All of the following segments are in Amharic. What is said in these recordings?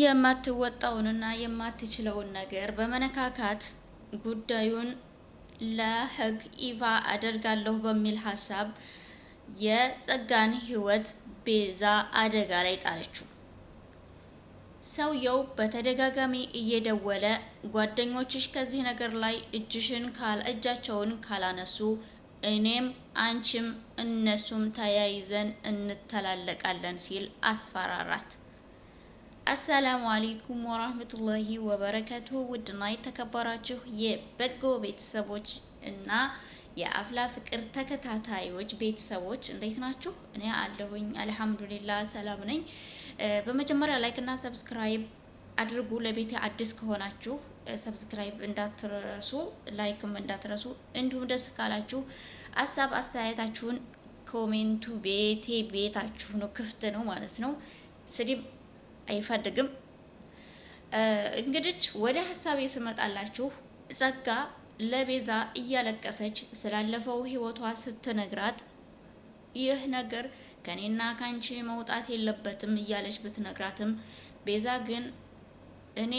የማትወጣውንና የማትችለውን ነገር በመነካካት ጉዳዩን ለህግ ይፋ አደርጋለሁ በሚል ሀሳብ የጸጋን ህይወት ቤዛ አደጋ ላይ ጣለችው። ሰውየው በተደጋጋሚ እየደወለ ጓደኞችሽ ከዚህ ነገር ላይ እጅሽን እጃቸውን ካላነሱ እኔም አንቺም እነሱም ተያይዘን እንተላለቃለን ሲል አስፈራራት። አሰላሙ አሌይኩም ወራህመቱላሂ ወበረከቱ ውድና የተከበራችሁ የበጎ ቤተሰቦች እና የአፍላ ፍቅር ተከታታዮች ቤተሰቦች እንዴት ናችሁ? እኔ አለሁኝ አልሐምዱሊላ ሰላም ነኝ። በመጀመሪያ ላይክ እና ሰብስክራይብ አድርጉ። ለቤት አዲስ ከሆናችሁ ሰብስክራይብ እንዳትረሱ፣ ላይክም እንዳትረሱ። እንዲሁም ደስ ካላችሁ ሀሳብ አስተያየታችሁን ኮሜንቱ ቤቴ ቤታችሁ ነው፣ ክፍት ነው ማለት ነው ስዲብ አይፈልግም። እንግዲህ ወደ ሀሳቤ ስመጣላችሁ ጸጋ ለቤዛ እያለቀሰች ስላለፈው ህይወቷ ስትነግራት ይህ ነገር ከኔና ካንቺ መውጣት የለበትም እያለች ብትነግራትም ቤዛ ግን እኔ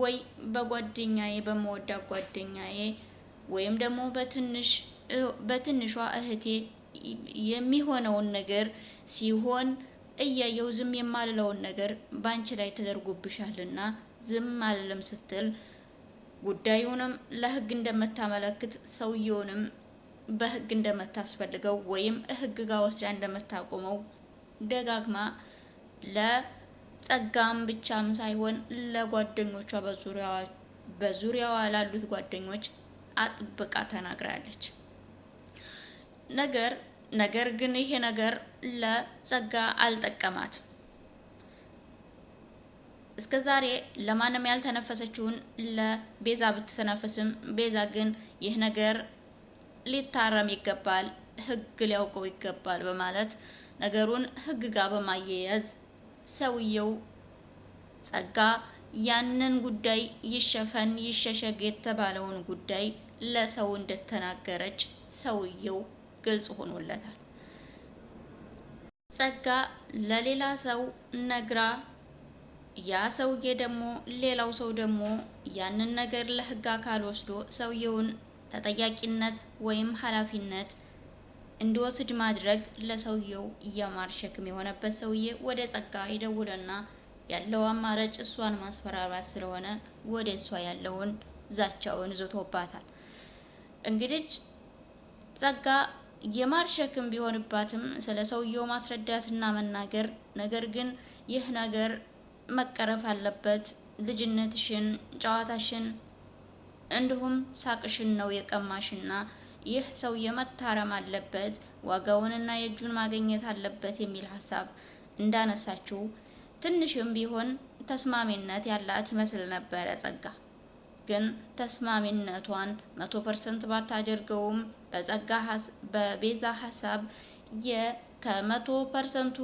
ወይ በጓደኛዬ በመወዳ ጓደኛዬ ወይም ደግሞ በትንሽ በትንሿ እህቴ የሚሆነውን ነገር ሲሆን እያየው ዝም የማልለውን ነገር ባንቺ ላይ ተደርጎብሻልና ዝም አልልም ስትል ጉዳዩንም ለህግ እንደምታመለክት ሰውየውንም በህግ እንደምታስፈልገው ወይም ህግ ጋር ወስዳ እንደምታቆመው ደጋግማ ለጸጋም ብቻም ሳይሆን ለጓደኞቿ በዙሪያዋ ላሉት ጓደኞች አጥብቃ ተናግራለች። ነገር ነገር ግን ይሄ ነገር ለጸጋ አልጠቀማት። እስከ ዛሬ ለማንም ያልተነፈሰችውን ለቤዛ ብትተነፈስም ቤዛ ግን ይህ ነገር ሊታረም ይገባል፣ ህግ ሊያውቀው ይገባል በማለት ነገሩን ህግ ጋር በማያያዝ ሰውየው ጸጋ ያንን ጉዳይ ይሸፈን ይሸሸግ የተባለውን ጉዳይ ለሰው እንደተናገረች ሰውየው ግልጽ ሆኖለታል። ጸጋ ለሌላ ሰው ነግራ ያ ሰውዬ ደግሞ ሌላው ሰው ደግሞ ያንን ነገር ለህግ አካል ወስዶ ሰውየውን ተጠያቂነት ወይም ኃላፊነት እንዲወስድ ማድረግ ለሰውየው የማር ሸክም የሆነበት ሰውዬ ወደ ጸጋ ይደውልና ያለው አማራጭ እሷን ማስፈራራት ስለሆነ ወደ እሷ ያለውን ዛቻውን ዝቶባታል። እንግዲህ ጸጋ የማር ሸክም ቢሆንባትም ስለ ሰውየው ማስረዳትና መናገር፣ ነገር ግን ይህ ነገር መቀረፍ አለበት፣ ልጅነትሽን፣ ጨዋታሽን እንዲሁም ሳቅሽን ነው የቀማሽና ይህ ሰው መታረም አለበት፣ ዋጋውንና የእጁን ማግኘት አለበት የሚል ሀሳብ እንዳነሳችው ትንሽም ቢሆን ተስማሚነት ያላት ይመስል ነበረ ጸጋ። ግን ተስማሚነቷን መቶ ፐርሰንት ባታደርገውም በጸጋ በቤዛ ሀሳብ ከመቶ ፐርሰንቱ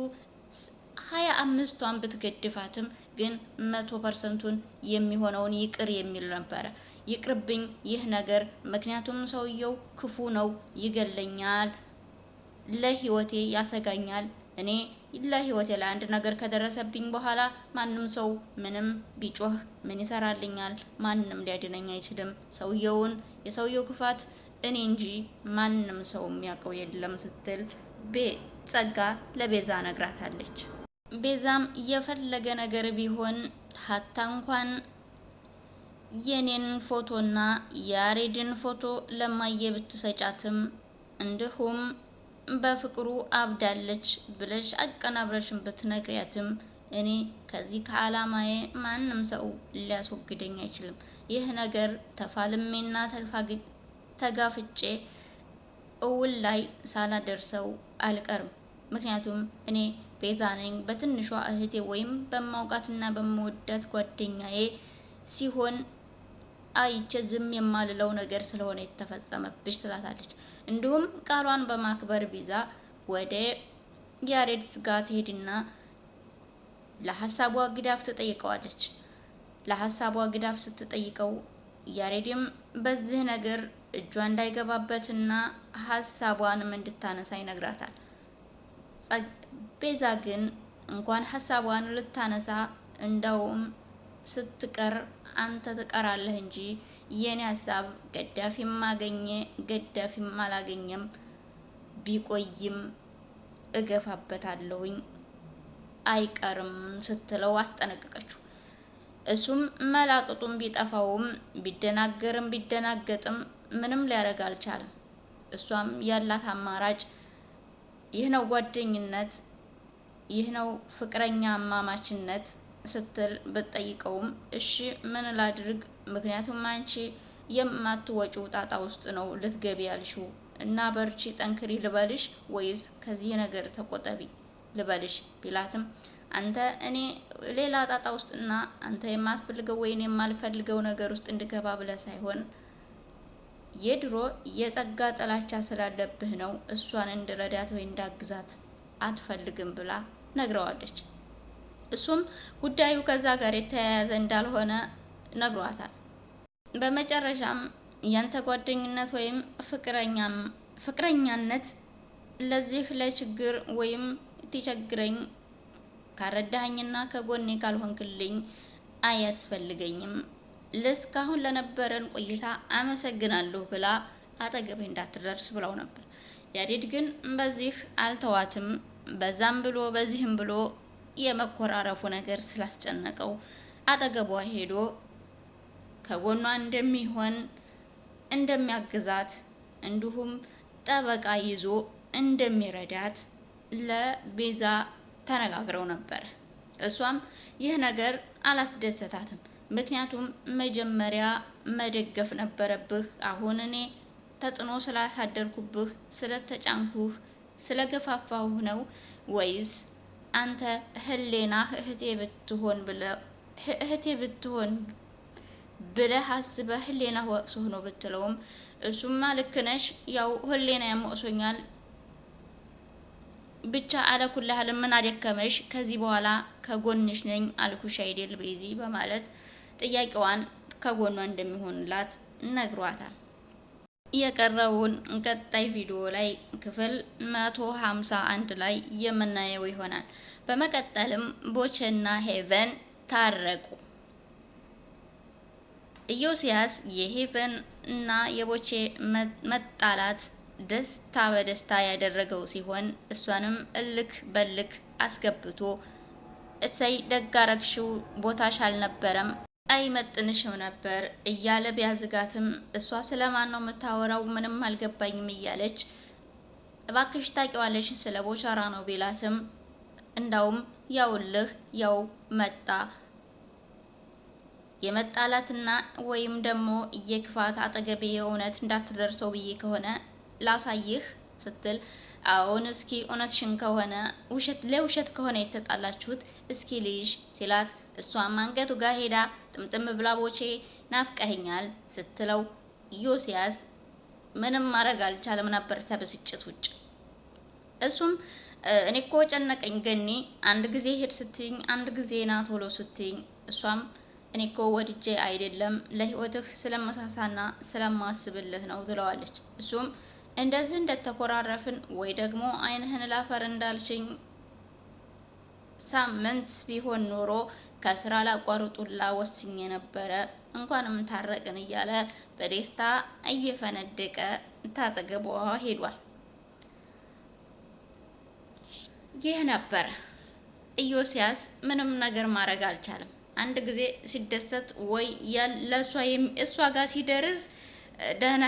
ሀያ አምስቷን ብትገድፋትም ግን መቶ ፐርሰንቱን የሚሆነውን ይቅር የሚል ነበረ። ይቅርብኝ ይህ ነገር ምክንያቱም ሰውየው ክፉ ነው፣ ይገለኛል፣ ለህይወቴ ያሰጋኛል እኔ ይላ ህይወቴ ላይ አንድ ነገር ከደረሰብኝ በኋላ ማንም ሰው ምንም ቢጮህ ምን ይሰራልኛል? ማንም ሊያድነኝ አይችልም። ሰውየውን የሰውየው ክፋት እኔ እንጂ ማንም ሰው የሚያውቀው የለም ስትል ጸጋ ለቤዛ ነግራታለች። ቤዛም የፈለገ ነገር ቢሆን ሀታ እንኳን የኔን ፎቶና የአሬድን ፎቶ ለማየ ብትሰጫትም እንዲሁም በፍቅሩ አብዳለች ብለሽ አቀናብረሽን ብትነግሪያትም እኔ ከዚህ ከዓላማዬ ማንም ሰው ሊያስወግደኝ አይችልም። ይህ ነገር ተፋልሜና ተጋፍጬ እውል ላይ ሳላደርሰው አልቀርም። ምክንያቱም እኔ ቤዛ ነኝ። በትንሿ እህቴ ወይም በማውቃትና በመወዳት ጓደኛዬ ሲሆን አይቼ ዝም የማልለው ነገር ስለሆነ የተፈጸመብሽ ስላታለች። እንዲሁም ቃሏን በማክበር ቢዛ ወደ ያሬድ ጋር ትሄድና ለሀሳቧ ግዳፍ ትጠይቀዋለች። ለሀሳቧ ግዳፍ ስትጠይቀው ያሬድም በዚህ ነገር እጇ እንዳይገባበትና ሀሳቧንም እንድታነሳ ይነግራታል። ቤዛ ግን እንኳን ሀሳቧን ልታነሳ እንደውም ስትቀር አንተ ትቀራለህ እንጂ የኔ ሀሳብ ገዳፊም ማገኘ ገዳፊም አላገኘም ቢቆይም እገፋበታለሁኝ አይቀርም ስትለው አስጠነቀቀችው። እሱም መላቅጡም ቢጠፋውም ቢደናገርም ቢደናገጥም ምንም ሊያደርግ አልቻለም። እሷም ያላት አማራጭ ይህ ነው ጓደኝነት፣ ይህ ነው ፍቅረኛ አማማችነት ስትል ብትጠይቀውም እሺ ምን ላድርግ፣ ምክንያቱም አንቺ የማትወጪው ጣጣ ውስጥ ነው ልትገቢ ያልሽው እና በርቺ ጠንክሪ ልበልሽ ወይስ ከዚህ ነገር ተቆጠቢ ልበልሽ ቢላትም አንተ እኔ ሌላ ጣጣ ውስጥና አንተ የማትፈልገው ወይም የማልፈልገው ነገር ውስጥ እንድገባ ብለ ሳይሆን የድሮ የጸጋ ጥላቻ ስላለብህ ነው እሷን እንድረዳት ወይ እንዳግዛት አትፈልግም ብላ ነግረዋለች። እሱም ጉዳዩ ከዛ ጋር የተያያዘ እንዳልሆነ ነግሯታል። በመጨረሻም ያንተ ጓደኝነት ወይም ፍቅረኛነት ለዚህ ለችግር ወይም ትቸግረኝ ካረዳኸኝና ከጎኔ ካልሆንክልኝ አያስፈልገኝም። ለእስካሁን ለነበረን ቆይታ አመሰግናለሁ ብላ አጠገቤ እንዳትደርስ ብለው ነበር። ያዴድ ግን በዚህ አልተዋትም። በዛም ብሎ በዚህም ብሎ የመኮራረፉ ነገር ስላስጨነቀው አጠገቧ ሄዶ ከጎኗ እንደሚሆን እንደሚያግዛት እንዲሁም ጠበቃ ይዞ እንደሚረዳት ለቤዛ ተነጋግረው ነበር። እሷም ይህ ነገር አላስደሰታትም። ምክንያቱም መጀመሪያ መደገፍ ነበረብህ። አሁን እኔ ተጽዕኖ ስላሳደርኩብህ፣ ስለተጫንኩህ፣ ስለገፋፋሁህ ነው ወይስ አንተ ህሌና እህቴ ብትሆን ብለህ እህቴ ብትሆን ብለህ አስበህ ህሌና ወቅሶህ ነው ብትለውም እሱማ ልክ ነሽ፣ ያው ህሌና ያሞቅሶኛል ብቻ አለኩላህል ምን አደከመሽ? ከዚህ በኋላ ከጎንሽ ነኝ አልኩሽ አይደል በይዚ በማለት ጥያቄዋን ከጎኗ እንደሚሆንላት ነግሯታል። የቀረውን ቀጣይ ቪዲዮ ላይ ክፍል መቶ ሀምሳ አንድ ላይ የምናየው ይሆናል። በመቀጠልም ቦቼና ሄቨን ታረቁ። ኢዮስያስ የሄቨን እና የቦቼ መጣላት ደስታ በደስታ ያደረገው ሲሆን እሷንም እልክ በልክ አስገብቶ እሰይ ደጋረግሽው ቦታሽ አልነበረም አይመጥንሽም ነበር እያለ ቢያዝጋትም እሷ ስለማን ነው የምታወራው ምንም አልገባኝም እያለች እባክሽ ታቂዋለሽ ስለ ቦቻራ ነው ቢላትም እንዳውም ያውልህ ያው መጣ የመጣላትና ወይም ደግሞ የክፋት አጠገቤ የእውነት እንዳትደርሰው ብዬ ከሆነ ላሳይህ ስትል አሁን እስኪ እውነትሽን ከሆነ ውሸት ለውሸት ከሆነ የተጣላችሁት እስኪ ልጅ ሲላት እሷም አንገቱ ጋር ሄዳ ጥምጥም ብላ ቦቼ ስትለው ዮሲያስ ምንም ማድረግ አልቻለም ነበር ተብስጭት ውጭ። እሱም እኔ እኮ ጨነቀኝ ገኒ፣ አንድ ጊዜ ሄድ ስትኝ፣ አንድ ጊዜ ና ቶሎ ስትኝ፣ እሷም እኔ እኮ ወድጄ አይደለም ለህይወትህ ስለመሳሳና ስለማስብልህ ነው ትለዋለች። እሱም እንደዚህ እንደተኮራረፍን ወይ ደግሞ አይንህን ላፈር እንዳልሽኝ ሳምንት ቢሆን ኖሮ ከስራ ላቋርጡላ ወስኜ ነበረ። እንኳንም ታረቅን እያለ በደስታ እየፈነደቀ ታጠገቧ ሄዷል። ይህ ነበረ ኢዮስያስ። ምንም ነገር ማድረግ አልቻለም። አንድ ጊዜ ሲደሰት ወይ እሷ ጋር ሲደርስ ደህና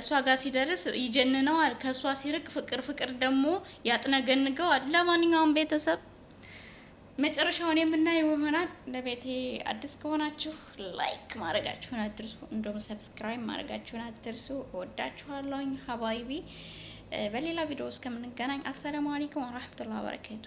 እሷ ጋር ሲደርስ ይጀንነዋል። ከእሷ ሲርቅ ፍቅር ፍቅር ደግሞ ያጥነገንገዋል። ለማንኛውም ቤተሰብ መጨረሻውን የምናየው ይሆናል። ለቤቴ አዲስ ከሆናችሁ ላይክ ማድረጋችሁን አትርሱ፣ እንዲሁም ሰብስክራይብ ማድረጋችሁን አትርሱ። እወዳችኋለሁኝ ሀባይቢ። በሌላ ቪዲዮ እስከምንገናኝ አሰላሙ አለይኩም ወራህመቱላሂ ወበረካቱ።